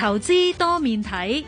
投資多面睇，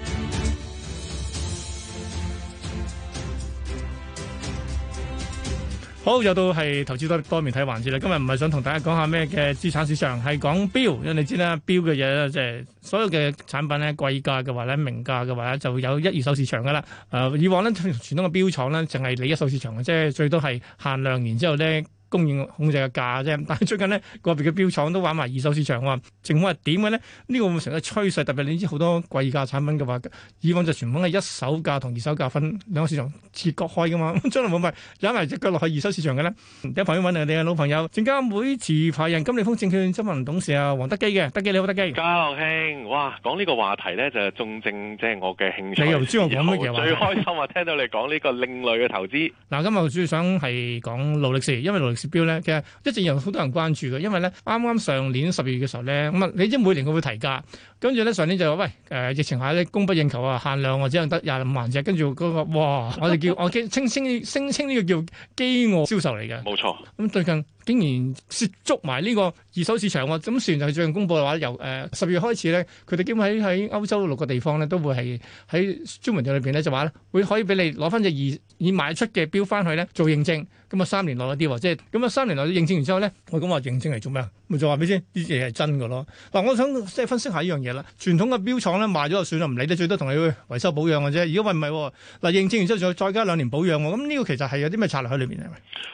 好，又到係投資多多面睇環節啦。今日唔係想同大家講下咩嘅資產市場，係講表。因為你知啦，表嘅嘢即係所有嘅產品咧，貴價嘅話咧，名價嘅話就有一二手市場噶啦。誒、呃，以往咧傳統嘅表廠咧，淨係你一手市場嘅，即係最多係限量，然之後咧。供應控制嘅價啫，但係最近呢，個別嘅錶廠都玩埋二手市場喎、哦。情況係點嘅咧？呢、呢個會唔會成個趨勢？特別你知好多貴價產品嘅話，以往就全部係一手價同二手價分兩個市場切割開嘅嘛。將來會唔會踩埋隻腳落去二手市場嘅咧？有朋友揾嚟，我哋嘅老朋友證監會持牌人金利豐證券執行董事啊，黃德幾嘅。德幾，你好，德幾。家樂兄，哇，講呢個話題咧就係重正，即係我嘅興趣。你又唔知我講乜嘢啊？最開心啊，聽到你講呢個另類嘅投資。嗱， 今日主要想係講勞力士，因為勞力。指標咧，其實一直有好多人關注嘅，因為咧啱啱上年十二月嘅時候咧，咁啊，你知每年佢會提價，跟住咧上年就話喂誒、呃、疫情下咧供不應求啊，限量或者得廿五萬隻，跟住嗰個哇，我哋叫 我叫稱稱稱稱呢個叫饑餓銷售嚟嘅，冇錯錯。咁、嗯、最近。竟然涉足埋呢個二手市場喎，咁自然就係最近公佈嘅話，由誒十月開始咧，佢哋基本喺喺歐洲六個地方咧，都會係喺專門店裏邊咧就話咧，會可以俾你攞翻隻已已賣出嘅錶翻去咧做認證，咁啊三年內一啲，即係咁啊三年內認證完之後咧，我咁話認證嚟做咩啊？咪就話俾先，啲嘢係真嘅咯。嗱，我想即係分析下一樣嘢啦，傳統嘅錶廠咧賣咗就算啦，唔理得最多同你去維修保養嘅啫。如果話唔係喎，嗱認證完之後再再加兩年保養喎，咁呢個其實係有啲咩策略喺裏邊係咪？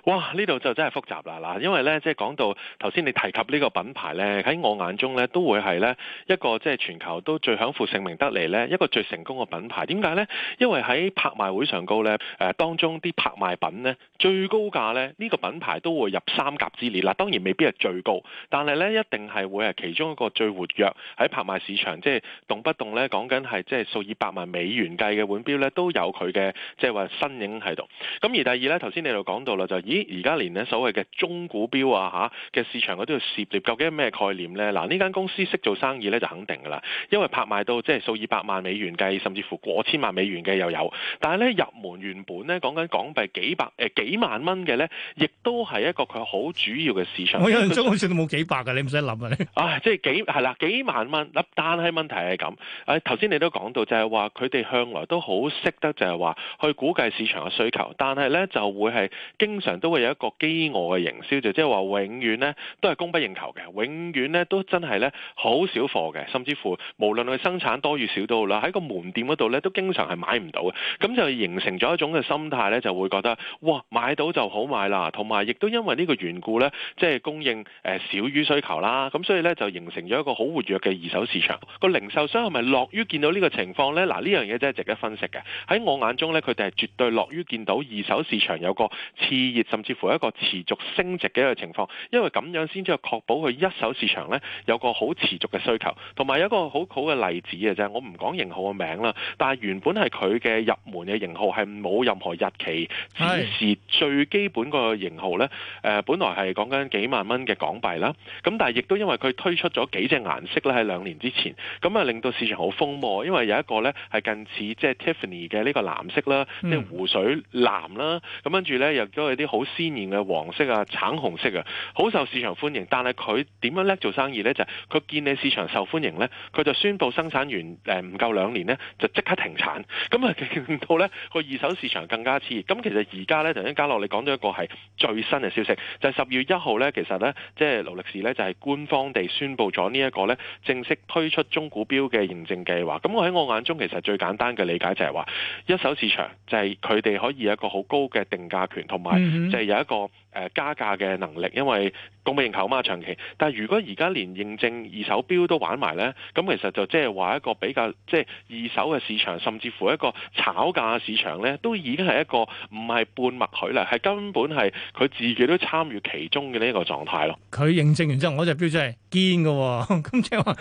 哇！呢度就真係複雜啦啦～因為咧，即係講到頭先，你提及呢個品牌咧，喺我眼中咧，都會係咧一個即係全球都最享負盛名得嚟咧，一個最成功嘅品牌。點解咧？因為喺拍賣會上高咧，誒當中啲拍賣品咧，最高價咧，呢個品牌都會入三甲之列。嗱，當然未必係最高，但係咧，一定係會係其中一個最活躍喺拍賣市場，即係動不動咧講緊係即係數以百萬美元計嘅腕錶咧，都有佢嘅即係話身影喺度。咁而第二咧，頭先你都講到啦，就咦而家連咧所謂嘅中股票啊吓，嘅、啊、市場嗰要涉獵，究竟係咩概念呢？嗱、啊，呢間公司識做生意呢，就肯定噶啦，因為拍賣到即係數以百萬美元計，甚至乎過千萬美元嘅又有。但係呢，入門原本呢，講緊港幣幾百誒、呃、幾萬蚊嘅呢，亦都係一個佢好主要嘅市場。我印象中好似都冇幾百㗎，你唔使諗啊你。啊，即係幾係啦幾萬蚊粒單，係問題係咁。誒頭先你都講到就係話佢哋向來都好識得就係話去估計市場嘅需求，但係呢，就會係經常都會有一個飢餓嘅營銷。就即係話永遠咧都係供不應求嘅，永遠咧都真係咧好少貨嘅，甚至乎無論佢生產多與少都好啦，喺個門店嗰度咧都經常係買唔到嘅，咁就形成咗一種嘅心態咧，就會覺得哇買到就好買啦，同埋亦都因為呢個緣故咧，即係供應誒少於需求啦，咁所以咧就形成咗一個好活躍嘅二手市場。個零售商係咪樂於見到呢個情況咧？嗱，呢樣嘢真係值得分析嘅。喺我眼中咧，佢哋係絕對樂於見到二手市場有個熾熱，甚至乎一個持續升值。幾個情況，因為咁樣先至去確保佢一手市場呢有個好持續嘅需求，同埋有一個好好嘅例子嘅啫。就係、我唔講型號嘅名啦，但係原本係佢嘅入門嘅型號係冇任何日期，只是最基本個型號呢，誒是、呃，本來係講緊幾萬蚊嘅港幣啦。咁但係亦都因為佢推出咗幾隻顏色咧，喺兩年之前，咁啊令到市場好瘋魔。因為有一個呢係近似即係 Tiffany 嘅呢個藍色啦，即係湖水藍啦。咁跟住呢，又都有啲好鮮豔嘅黃色啊、橙、紅色啊，好受市場歡迎，但係佢點樣叻做生意呢？就佢見你市場受歡迎呢，佢就宣佈生產完誒唔夠兩年呢，就即刻停產，咁啊令到呢個二手市場更加熾熱。咁其實而家咧，陳家樂你講咗一個係最新嘅消息，就係十月一號呢。其實呢，即係勞力士呢就係官方地宣佈咗呢一個呢正式推出中古錶嘅認證計劃。咁我喺我眼中其實最簡單嘅理解就係話，一手市場就係佢哋可以有一個好高嘅定價權，同埋就係有一個。誒、呃、加價嘅能力，因為供不應求嘛，長期。但如果而家連認證二手錶都玩埋咧，咁其實就即係話一個比較即係二手嘅市場，甚至乎一個炒價嘅市場咧，都已經係一個唔係半默許啦，係根本係佢自己都參與其中嘅呢個狀態咯。佢認證完之後我、啊，我隻錶真係堅㗎，咁即係話，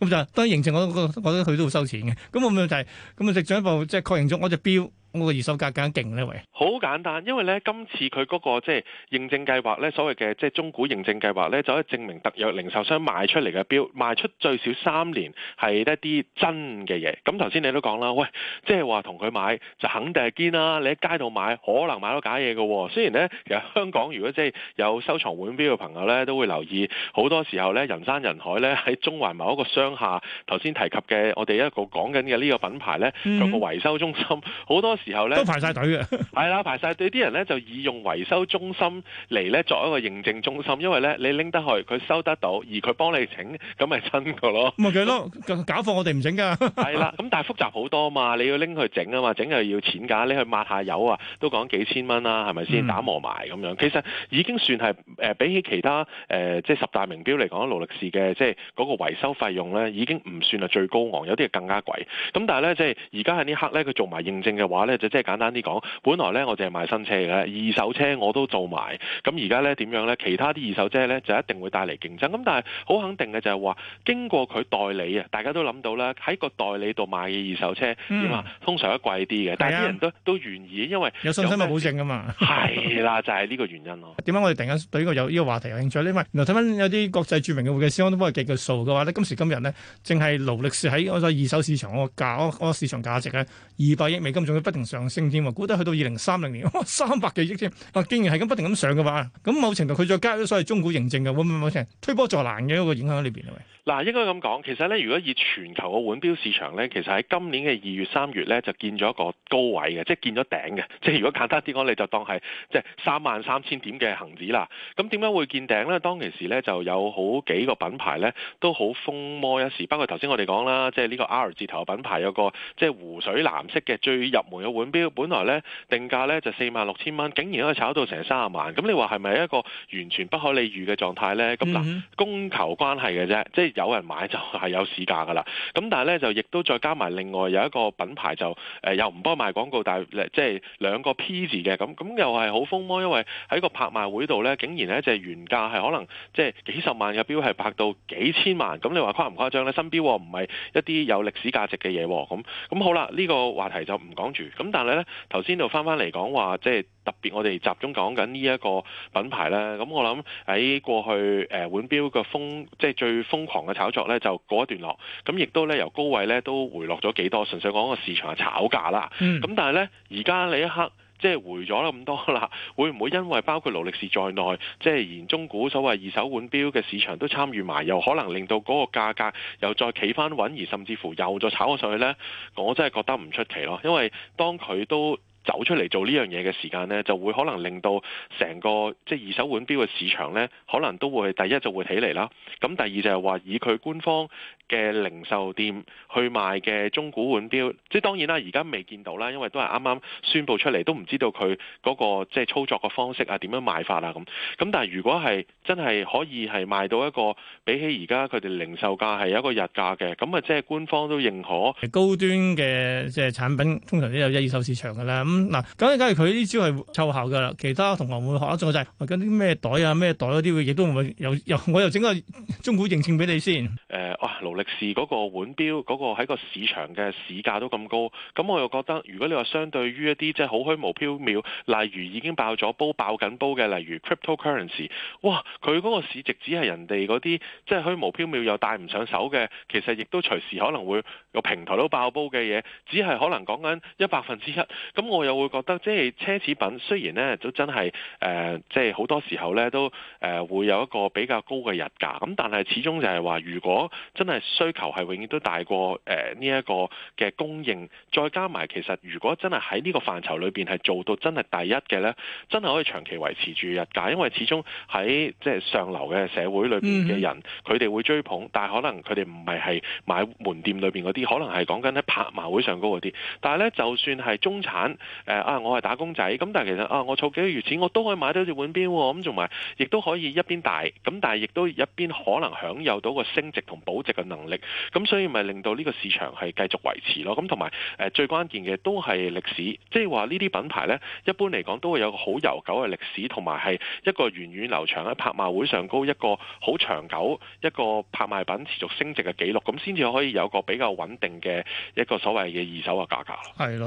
咁就當然認證我，我覺得佢都會收錢嘅。咁我咪就係咁啊，直進一步即係確認咗我隻錶。我個二手價格勁呢喂！好簡單，因為咧今次佢嗰、嗰個即係認證計劃咧，所謂嘅即係中古認證計劃咧，就可以證明特約零售商賣出嚟嘅表，賣出最少三年係一啲真嘅嘢。咁頭先你都講啦，喂，即係話同佢買就肯定係堅啦。你喺街度買可能買到假嘢嘅、哦。雖然咧，其實香港如果即係有收藏腕表嘅朋友咧，都會留意好多時候咧，人山人海咧喺中環某一個商廈，頭先提及嘅我哋一個講緊嘅呢個品牌咧，佢個維修中心好、mm hmm. 多。時候咧都排晒隊嘅，係 啦，排晒隊，啲人咧就以用維修中心嚟咧，作一個認證中心，因為咧你拎得去，佢收得到，而佢幫你整，咁咪真嘅咯。咪係咯，假貨我哋唔整噶。係啦，咁但係複雜好多嘛，你要拎去整啊嘛，整又要錢噶，你去抹下油啊，都講幾千蚊啦，係咪先？打磨埋咁樣，其實已經算係誒、呃、比起其他誒、呃、即係十大名錶嚟講，勞力士嘅即係嗰個維修費用咧，已經唔算係最高昂，有啲係更加貴。咁但係咧，即係而家喺呢刻咧，佢做埋認證嘅話。就即係簡單啲講，本來咧我就係賣新車嘅，二手車我都做埋。咁而家咧點樣咧？其他啲二手車咧就一定會帶嚟競爭。咁但係好肯定嘅就係話，經過佢代理啊，大家都諗到啦，喺個代理度買嘅二手車，點、嗯、啊，通常都貴啲嘅。但係啲人都都願意，因為有，有信心嘅保證㗎嘛。係 啦，就係、是、呢個原因咯。點解我哋突然間對呢個有呢個話題有興趣咧？因為原來睇翻有啲國際著名嘅會計師我都幫佢計個數嘅話咧，今時今日咧，淨係勞力士喺我二手市場個價，嗰個市場價值咧二百億美金，仲要不停上升添喎，估得去到二零三零年，三百幾億添。啊，既然係咁不停咁上嘅話，咁某程度佢再加入所謂中古認證嘅，會唔會冇推波助瀾嘅一個影響喺呢邊嗱？應該咁講，其實咧，如果以全球嘅腕錶市場咧，其實喺今年嘅二月三月咧，就見咗一個高位嘅，即係見咗頂嘅。即係如果簡單啲講，你就當係即係三萬三千點嘅恒指啦。咁點解會見頂咧？當其時咧就有好幾個品牌咧都好風靡一時，包括頭先我哋講啦，即係呢個 R 字頭嘅品牌有個即係湖水藍色嘅最入門。腕錶本來咧定價咧就四萬六千蚊，竟然可以炒到成三十萬，咁你話係咪一個完全不可理喻嘅狀態咧？咁嗱、mm，hmm. 供求關係嘅啫，即係有人買就係有市價㗎喇。咁但係咧就亦都再加埋另外有一個品牌就誒、呃、又唔幫賣廣告，但係即係兩個 P 字嘅，咁咁又係好瘋魔，因為喺個拍賣會度咧，竟然一隻原價係可能即係幾十萬嘅錶係拍到幾千萬，咁你話誇唔誇張咧？新錶唔係一啲有歷史價值嘅嘢，咁咁好啦，呢、這個話題就唔講住。咁但係咧，頭先就翻翻嚟講話，即、就、係、是、特別我哋集中講緊呢一個品牌咧。咁我諗喺過去誒腕錶嘅瘋，即係最瘋狂嘅炒作咧，就過一段落。咁亦都咧由高位咧都回落咗幾多，純粹講個市場係炒價啦。咁、嗯、但係咧，而家呢一刻。即係回咗咁多啦，會唔會因為包括勞力士在內，即係現中古所謂二手腕錶嘅市場都參與埋，又可能令到嗰個價格又再企翻穩，而甚至乎又再炒咗上去呢？我真係覺得唔出奇咯，因為當佢都。走出嚟做呢樣嘢嘅時間呢，就會可能令到成個即係、就是、二手腕錶嘅市場呢，可能都會第一就會起嚟啦。咁第二就係話以佢官方嘅零售店去賣嘅中古腕錶，即係當然啦，而家未見到啦，因為都係啱啱宣布出嚟，都唔知道佢嗰、那個即係、就是、操作嘅方式啊，點樣賣法啦。咁。咁但係如果係真係可以係賣到一個比起而家佢哋零售價係有一個溢價嘅，咁啊即係官方都認可高端嘅即係產品，通常都有一二手市場㗎啦。咁嗱，咁梗係佢呢招係湊效㗎啦。其他同學會學一做就係啲咩袋啊、咩袋嗰啲、啊，亦都唔會又又，我又整個中古認證俾你先。誒、呃，哇！勞力士嗰個腕錶嗰、嗰個喺個市場嘅市價都咁高，咁我又覺得，如果你話相對於一啲即係好虛無縹緲，例如已經爆咗煲爆緊煲嘅，例如 cryptocurrency，哇！佢嗰個市值只係人哋嗰啲即係虛無縹緲又帶唔上手嘅，其實亦都隨時可能會個平台都爆煲嘅嘢，只係可能講緊一百分之一咁我。我又會覺得，即係奢侈品雖然咧都真係誒，即係好多時候咧都誒、呃、會有一個比較高嘅溢價，咁但係始終就係話，如果真係需求係永遠都大過誒呢一個嘅供應，再加埋其實如果真係喺呢個範疇裏邊係做到真係第一嘅咧，真係可以長期維持住溢價，因為始終喺即係上流嘅社會裏邊嘅人，佢哋、mm. 會追捧，但係可能佢哋唔係係買門店裏邊嗰啲，可能係講緊喺拍賣會上高嗰啲，但係咧就算係中產。誒啊！我係打工仔，咁但係其實啊，我儲幾個月錢，我都可以買到隻腕錶喎。咁同埋亦都可以一邊戴，咁但係亦都一邊可能享有到個升值同保值嘅能力。咁所以咪令到呢個市場係繼續維持咯。咁同埋誒最關鍵嘅都係歷史，即係話呢啲品牌呢，一般嚟講都會有個好悠久嘅歷史，同埋係一個源遠流長喺拍賣會上高一個好長久一個拍賣品持續升值嘅記錄，咁先至可以有個比較穩定嘅一個所謂嘅二手嘅價格咯。係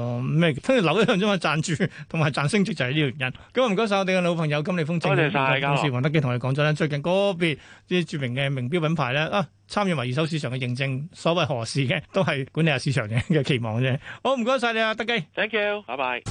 咯。咁啊，贊助同埋賺升值就係呢個原因。咁啊，唔該晒我哋嘅老朋友金利豐證券董事黃德幾，同你講咗咧。最近個別啲著名嘅名表品牌咧啊，參與埋二手市場嘅認證，所謂何事嘅都係管理下市場嘅嘅期望啫。好，唔該晒你啊，德幾，thank you，拜拜。